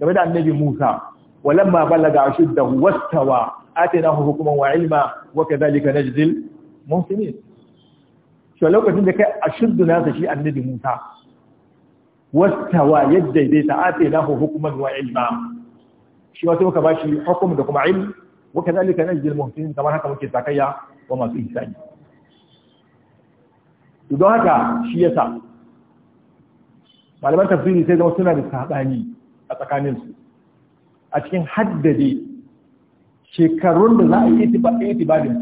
game da annabi musa wallan ma balaga ashuddahu wastawa atainahu hukman wa ilma wa kadhalika najzil muhsinin shi lokacin da kai ashuddu nasa shi annabi musa wastawa yadda dai ta atainahu hukman wa ilma shi wato muka bashi hukum da kuma ilm wa kadhalika najzil muhsinin kamar haka muke takayya wa masu ihsani don haka shi yasa malaman tafsiri sai zama suna da sabani a tsakaninsu a cikin haddade shekarun da za a yi itibadin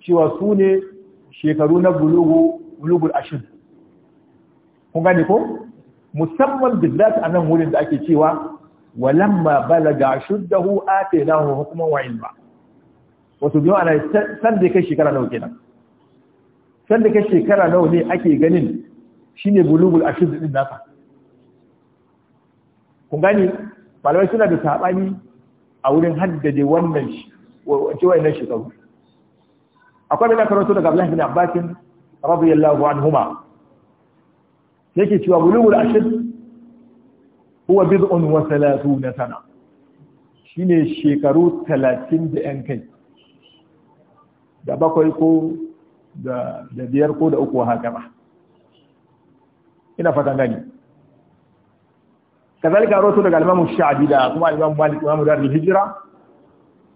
su cewa su ne shekaru na bulugul ashir kun gane ko musamman bizzat a nan wurin da ake cewa walamma balaga shuddahu atainahu hukman wa ilma wato biyo ana san da kai shekara nawa kenan sanda ka shekara nawa ne ake ganin shine bulugul ashid din naka kun gani malamai suna da sabani a wurin haddade wannan ce wayannan shekaru akwai da karanto daga Abdullah bin Abbas radiyallahu anhuma yake cewa bulugul ashid huwa bid'un wa 30 sana shine shekaru 30 da yan kai da bakwai ko da biyar ko da uku haka ba ina fatan gani kazalika rawatu daga al-Imam Sha'bi da kuma al-Imam Malik Imam Dar al-Hijra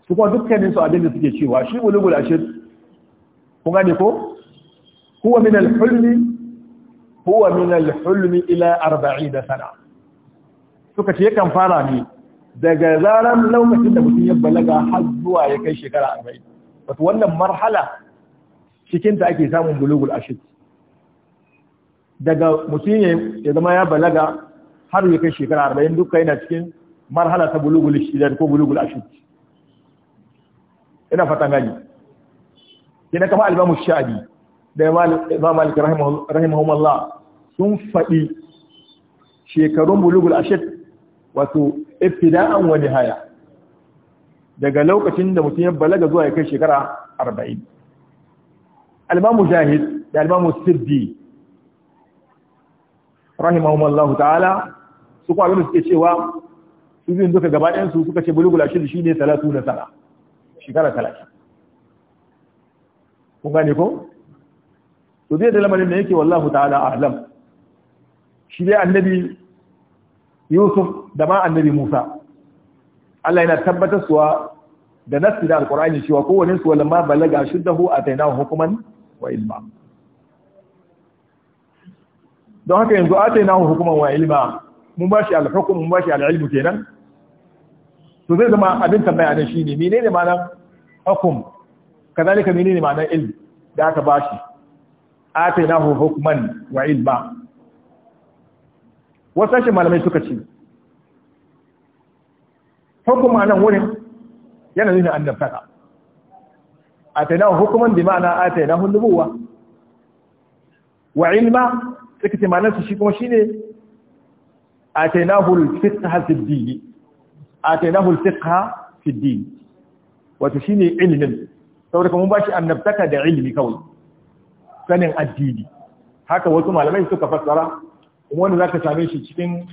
su kuma dukkanin su abin da suke cewa shi ulugul ashir kun gane ko huwa min al-hulm huwa min al-hulm ila 40 sana suka ce yakan fara ne daga zaran lokacin da mutum ya balaga har zuwa ya kai shekara 40 wato wannan marhala cikinta ake samun bulugul ashid daga mutum ya zama ya balaga har ya kai shekara arba'in duka yana cikin marhala ta bulugul shidar ko bulugul ashid ina fatan gani kina kama albamu sha'abi da imam malik rahimahumullah sun faɗi shekarun bulugul ashid wato an wani haya. daga lokacin da mutum ya balaga zuwa ya kai shekara arba'in al-imamu jahid da al-imamu sirdi rahimahumullahu ta'ala su kuma abin da suke cewa su biyun duka gaba suka su suka ce shi shi ne salatu na sana shekara talaki kun gane ko to zai da lamarin da yake wallahu ta'ala a a'lam shi dai annabi yusuf da ma annabi musa Allah yana tabbatar suwa da nassi da alqur'ani cewa kowane su lamma balaga a atainahu hukuman wa ilma don haka yanzu atainahu hukuman wa ilma mun bashi shi hukm mun bashi al’ilmu ke kenan to zai zama abin tambaya ne shine menene ma'anar hukum ka kazalika menene ma'anar ilm da aka bashi atainahu hukumar wa ilma wasu shi malamai suka ce hukum a nan wurin yana an annabtaka atainahu hukuman bi ma'ana atainahu nubuwa wa ilma suka ce ma'anar shi kuma shine atainahu al fiqh fi din atainahu al fiqh fi din wato shine ilmin saboda kuma bashi annabtaka da ilmi kawai sanin addini haka wasu malamai suka fassara kuma wanda zaka same shi cikin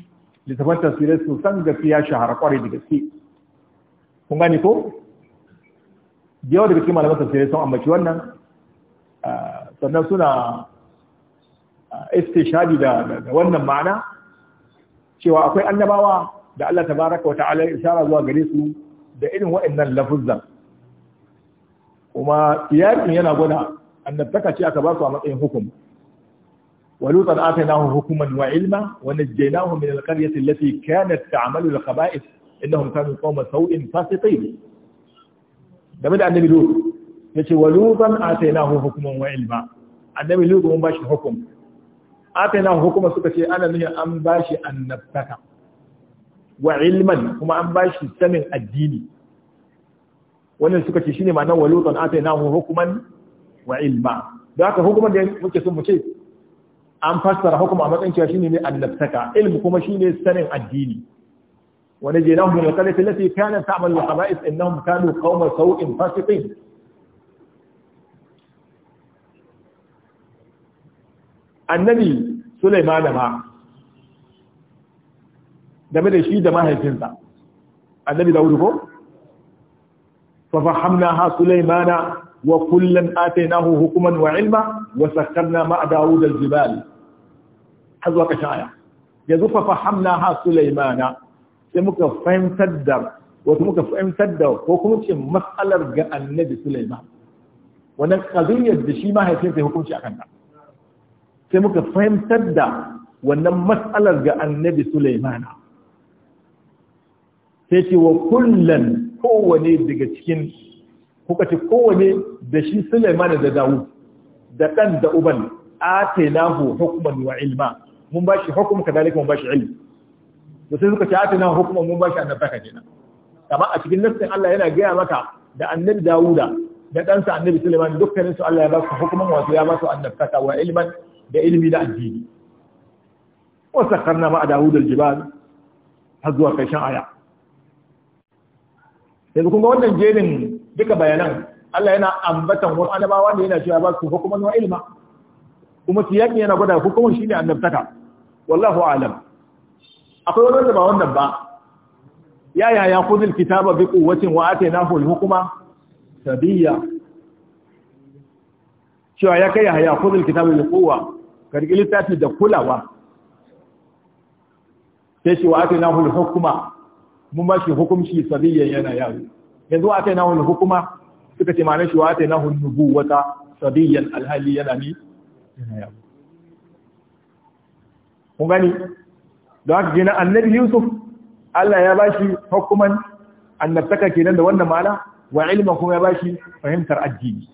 littafin tafsirai su san gaskiya shahara kwarai da gaske kun gane ko yawa daga cikin malaman tafsirai sun ambaci wannan sannan suna istishadi shadi da wannan ma'ana cewa akwai annabawa da Allah tabaraka wa ta'ala isara zuwa gare su da irin waɗannan lafuzzan kuma yakin yana gwada annabtaka ce aka ba su a matsayin hukum ولوطا آتيناه حكما وعلما ونجيناه من القرية التي كانت تعمل الخبائث إنهم كانوا قوم سوء فاسقين game da annabi lut yace wa lutan na hukumun wa ilma annabi lut mun bashi hukum atainahu hukuma suka ce ana nuna an bashi annabtaka wa ilman kuma an bashi sanin addini wannan suka ce shine ma'anar wa lutan na hukuman wa ilma da haka hukuman da muke son mu ce an fassara hukuma a matsayin cewa shine ne annabtaka ilmu kuma shine sanin addini ونجيناهم من القرية التي كانت تعمل الخبائث إنهم كانوا قوم سوء فاسقين النبي سليمان ما ده ما ده ما هي النبي داود هو ففحمناها سليمان وكلا آتيناه حكما وعلما وسكرنا مع داوود الجبال حزوك شاية يزوف ففحمناها سليمان sai muka fahimtar da wato muka fahimtar da ko kuma ce matsalar ga annabi Sulaiman wannan qadiyar da shi mahaifin sai hukunci akan ta sai muka fahimtar da wannan matsalar ga annabi Sulaiman sai ce wa kullan kowane daga cikin kuka ce kowane da shi Sulaiman da Dawud da dan da uban atainahu hukman wa ilma mun bashi hukum kadalika mun bashi ilmi da sai suka shafi ati na hukuma mun bashi shi annabtaka kenan amma a cikin nassin Allah yana gaya maka da annabi Dawuda da ɗansa annabi Suleiman, dukkanin su Allah ya ba su hukuman wato ya ba su annabtaka wa ilman da ilmi da addini wa sakkarna ma Dawuda aljibal har zuwa karshen aya yanzu kun ga wannan jerin duka bayanan Allah yana ambatan wani annabawa da yana cewa ba su hukumar wa ilma kuma siyaki yana gwada hukuman shine annabtaka wallahu a'lam akwai wanda ba wannan ba ya ya ya kuzil kitaba bi quwwatin wa na al-hukma sabiyya cewa ya kai ya kuzil kitaba bi quwwa karki littafi da kulawa sai shi wa atainahu al-hukma mun ba shi hukumci sabiyya yana yaro yanzu wa na al-hukma suka ce mana shi wa atainahu an-nubuwata sabiyyan alhali yana ni yana yaro kun gani don haka na annabi yusuf Allah ya bashi hukuman annabtaka kenan da wannan ma'ana wa ilma kuma ya bashi fahimtar addini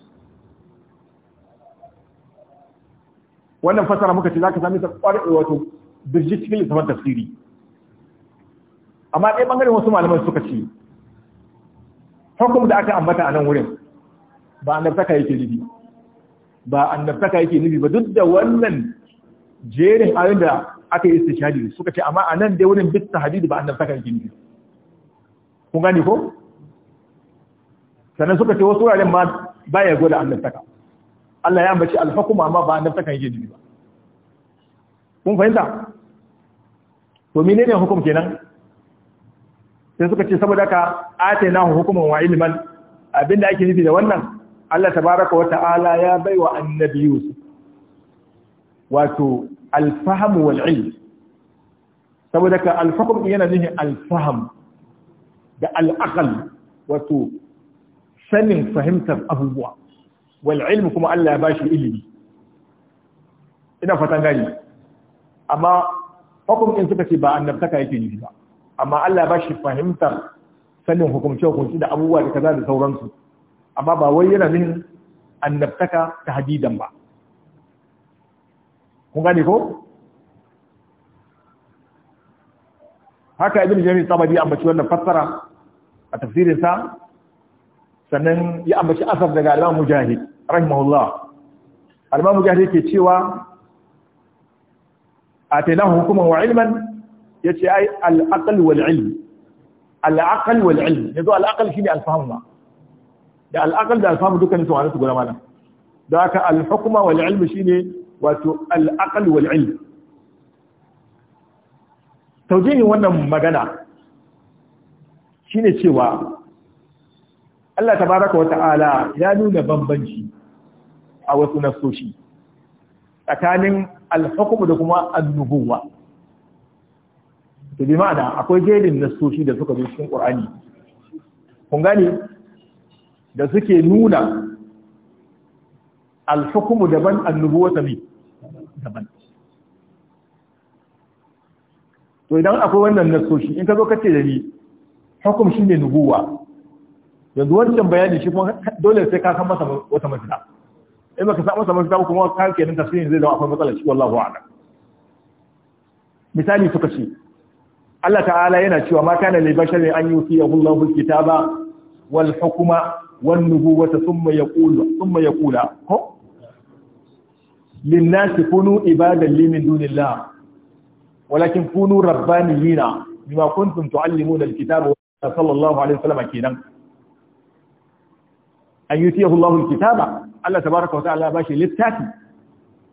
wannan fasara muka ce za ka sami ta kwarewa wato digital kamar tafsiri amma ɗaya ɓangaren wasu malaman suka ce hukum da aka ambata a nan wurin ba annabtaka yake nufi ba annabtaka yake nufi ba duk da wannan jerin ayoyin da aka yi istishhadi suka ce amma a nan dai wurin bitta hadidi ba annan sakan gindi kun gani ko sannan suka ce wasu wuraren ma ba ya gwada annan saka Allah ya ambaci alhukuma amma ba annan sakan gindi ba kun fahimta to menene hukum kenan sai suka ce saboda ka na hukuman wa ilman abinda ake nufi da wannan Allah tabaraka wa ta'ala ya baiwa annabi Yusuf wato alfahamu wal ilm saboda ka yana nufin alfaham da al'aqal wato sanin fahimtar abubuwa wal kuma Allah ya bashi ilimi ina fatan gani amma hukum suka ce ba annabtaka yake nufi ba amma Allah ya bashi fahimtar sanin hukumce hukunci da abubuwa da kaza da sauransu amma ba wai yana nufin annabtaka ta hadidan ba kun gane ko haka ibn jarir tabari ambaci wannan fassara a tafsirin sa sannan ya ambaci asar daga al-Imam Mujahid rahimahullah al-Imam Mujahid yake cewa atainahu hukuman wa ilman yace ai al-aql wal ilm al-aql wal ilm yanzu al-aql shine al-fahm ma da al-aql da al-fahm dukkan su wani su gura mana da haka al-hukma wal ilm shine wato al’aƙal wal’il. ilm taujihin wannan magana Shi ne cewa Allah ta baraka wa ta'ala ya nuna bambanci a wasu nasoshi tsakanin al da kuma annubuwa. nubuwa to ma'ana akwai jerin nasoshi da suka zuci cikin kun gane da suke nuna alfukunmu daban annubuwa ta mai. daban to idan akwai wannan nasoshi in ka zo kace da ni hukum shi ne nubuwa yanzu wancan bayani shi kuma dole sai ka san masa wata masala in ka san masa masala kuma ka nan tafsirin zai zama akwai matsala shi wallahu a'lam misali suka ce Allah ta'ala yana cewa ma kana li bashari an ya Allahu kitaba wal hukma wan nubuwata thumma yaqulu thumma yaqula ko linnasi kunu ibadan li min dunillah walakin kunu rabbaniyina bima kuntum tuallimuna alkitaba sallallahu alaihi wasallam kenan an yutiyahu Allahu alkitaba Allah tabaaraka wa ta'ala bashi littafi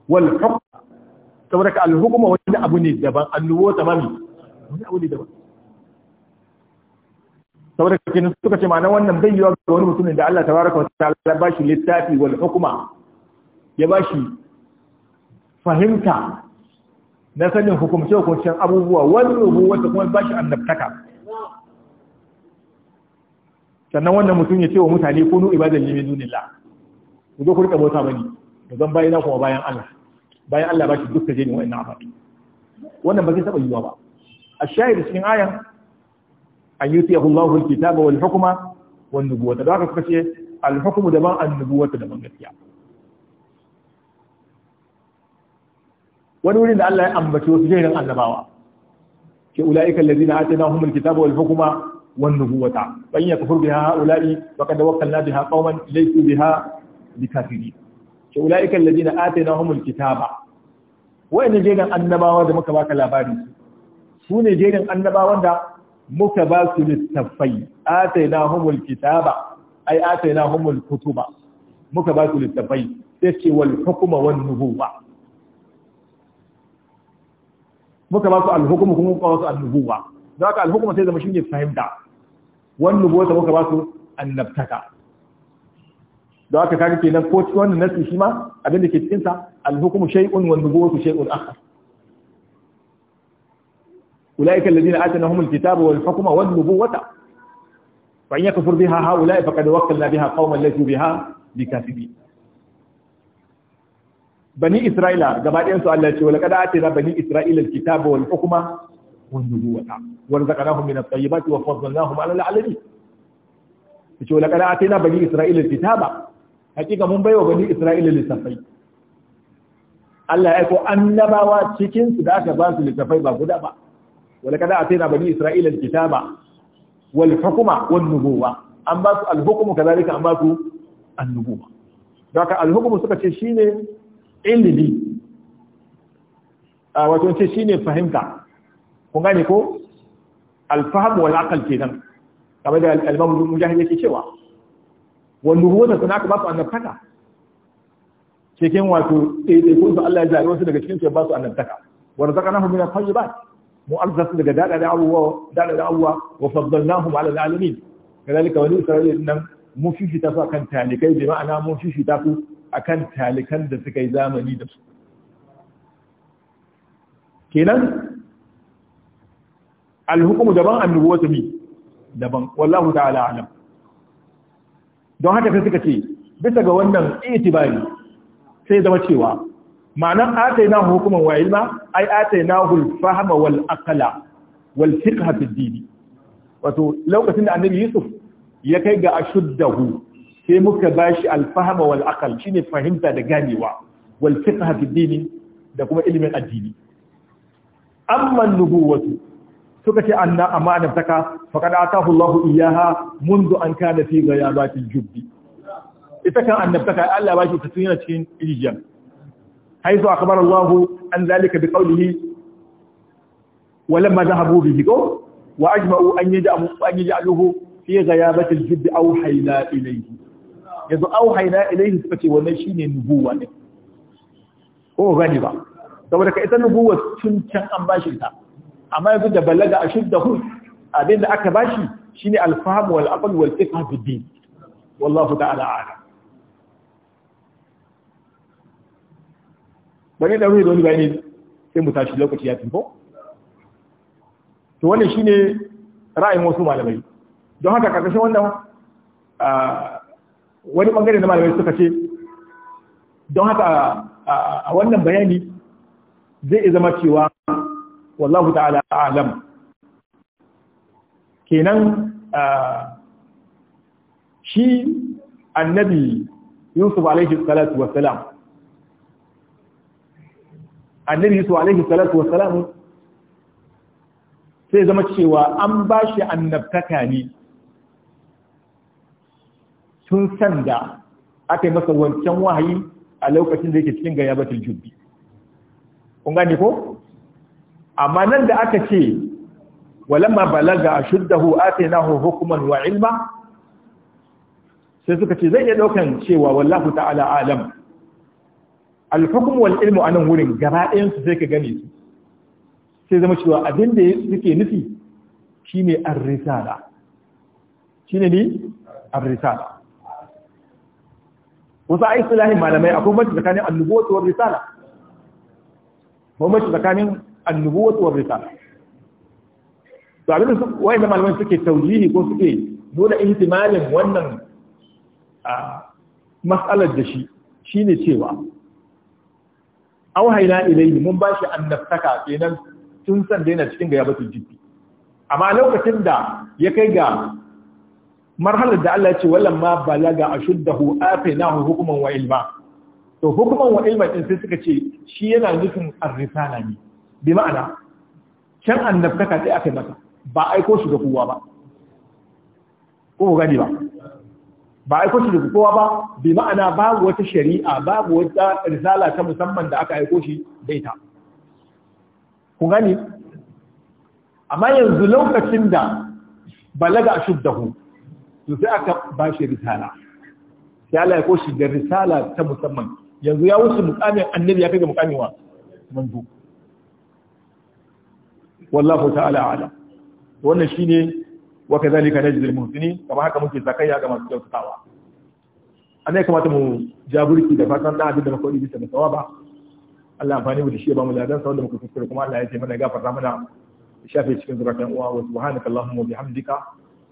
wal hukm tabaaraka al hukma wani abu ne daban annuwa tamami wani abu ne daban saboda kenan suka ce ma'ana wannan bai yiwa wani mutumin da Allah littafi wal hukuma ya bashi. fahimta na sanin hukumce hukuncin abubuwa wani rubu wata kuma ba shi annabtaka sannan wannan mutum ya ce wa mutane kunu ibadan limin dunillah ku zo ku rika bauta mani da zan bayyana kuma bayan Allah bayan Allah ba shi duk da jini na ababe wannan ba zai taba yiwa ba a shahid cikin ayan an yuti Allahu al-kitaba wani hukuma wani nubuwata da aka kace al-hukmu daban an-nubuwata daban gaskiya wani wurin da Allah ya ambaci wasu jerin annabawa ke ula'ika allazina atainahum alkitaba wal hukma wan nubuwata fa in yakfur biha ula'i faqad wakkalna biha qauman laysu biha bikafirin ke ula'ika allazina atainahum alkitaba wa'annan jerin annabawa da muka baka labari su ne jerin annabawan da muka ba su littafai atainahumul kitaba ai atainahumul kutuba muka ba su littafai sai ce wal hukuma wan nubuwa muka ba su alhukumu kuma muka ba su annubuwa za ka alhukumu sai zama shine fahimta wannan nubuwata muka ba su annabtaka da aka kaga kenan ko cikin wannan nasu shi ma abin da ke cikin sa alhukumu shay'un wan nubuwatu shay'un akhar ulaika alladhina atanahum alkitaba wal hukma wan nubuwata fa in yakfur biha haula faqad waqalna biha qauman laysu biha bikafibin bani isra'ila gaba ɗayan su Allah ce wala kada na bani isra'ila alkitaba wal hukma wan nubuwata warzaqnahum min at-tayyibati wa faddalnahum 'ala al-'alamin ce wala kada na bani isra'ila kitaba. hakika mun baiwa bani isra'ila littafai Allah ya ko annabawa cikin su da aka ba su littafai ba guda ba wala kada na bani isra'ila kitaba. wal hukma wan nubuwa an ba su al-hukmu kadhalika an ba su an-nubuwa daga al-hukmu suka ce shine bi a wato ce shine fahimta kun gane ko alfaham wal aqal kidan kamar da al-imam mujahid yake cewa wanda ruwa sana ka ba su annabtaka cikin wato ɗaiɗaikun su Allah ya jari wasu daga cikin su ya ba su annabtaka wanda zaka nahu min al-tayyibat mu daga dada da abuwa dada da abuwa wa faddalnahum ala al-alamin kadalika wani sarari nan mun fifita su akan talikai bi ma'ana mun fifita su akan talikan da suka yi zamani da su kenan alhukumu daban annubuwatu ne, daban wallahu ta'ala alam don haka sai suka ce bisa ga wannan itibari sai zama cewa ma'anar ataina hukuman wa ilma ai ataina hul fahma wal aqla wal fiqha fi dini wato lokacin da annabi yusuf ya kai ga ashuddahu sai muka bashi alfahama wal aqal shine fahimta da ganewa wal fiqh fi dini da kuma ilimin addini amma nubuwatu suka ce anna amma annabtaka faqad atahu Allahu iyyaha mundu an kana fi ghayabati jubbi ita kan annabtaka Allah bashi ta tuna cikin ijiyan haizu akbar Allahu an zalika bi qawlihi ولما ذهبوا به وأجمعوا أن يجعلوه في غيابة الجد أوحينا إليه yanzu auhayna ilaihi suka ce wannan shine nubuwa ne ko gani ba saboda ka ita nubuwa tun can an bashi ta amma yanzu da balaga hu abinda aka bashi shine alfahamu wal aql wal fiqh fi din wallahu ta'ala a'lam bane da ruhi da bane sai mu tashi lokaci ya tafi to wannan shine ra'ayin wasu malamai don haka karkashin wannan ah, wani bangare na malamai suka ce don haka a wannan bayani zai iya zama cewa wallahu ta'ala alam kenan shi annabi yusuf alaihi salatu wassalam annabi yusuf alaihi salatu wassalam sai zama cewa an ba shi annabtaka ne tun sanda aka yi masa wancan wahayi a lokacin da yake cikin gaya gayabatul jubbi kun gane ko amma nan da aka ce walamma balaga ashuddahu atainahu hukman wa ilma sai suka ce zai iya daukan cewa wallahu ta'ala alam al-hukm wal ilmu anan wurin gaba ɗayan sai ka gane su sai zama cewa abin da suke nufi shine ar-risala shine ni ar-risala wasu a istilahin malamai akwai mace tsakanin annubuwar risala akwai mace tsakanin annubuwatu risala to abin da malamai suke taujihi ko suke nuna ihtimalin wannan matsalar da shi shine cewa auhaina ilayhi mun bashi annabtaka kenan tun san daina cikin ga ya jiki, jiddi amma lokacin da ya kai ga marhalar da Allah ya ce wallan ma balaga ashuddahu afinahu hukuman wa ilma to hukuman wa ilma din sai suka ce shi yana nufin arrisala ne bi ma'ana can annabtaka sai aka masa ba aiko shi ga kowa ba ko gani ba ba aiko shi da kowa ba bi ma'ana babu wata shari'a babu wata risala ta musamman da aka aiko shi da ita ku gani amma yanzu lokacin da balaga ashuddahu to sai aka ba shi risala sai Allah ya koshi da risala ta musamman yanzu ya wuce mukamin annabi ya kai ga mukamin wa manzo wallahu ta'ala ala wannan shine wa kazalika najzi muhsinin kamar haka muke zakaiya ga masu kyautatawa annai kamata mu jaburki da fatan da abin da muka yi bisa da sawaba Allah amfani mu da shi ba mu ladan sawan da muka kuskure kuma Allah ya ce mana gafarta mana shafe cikin zuratan uwa wa subhanaka allahumma bihamdika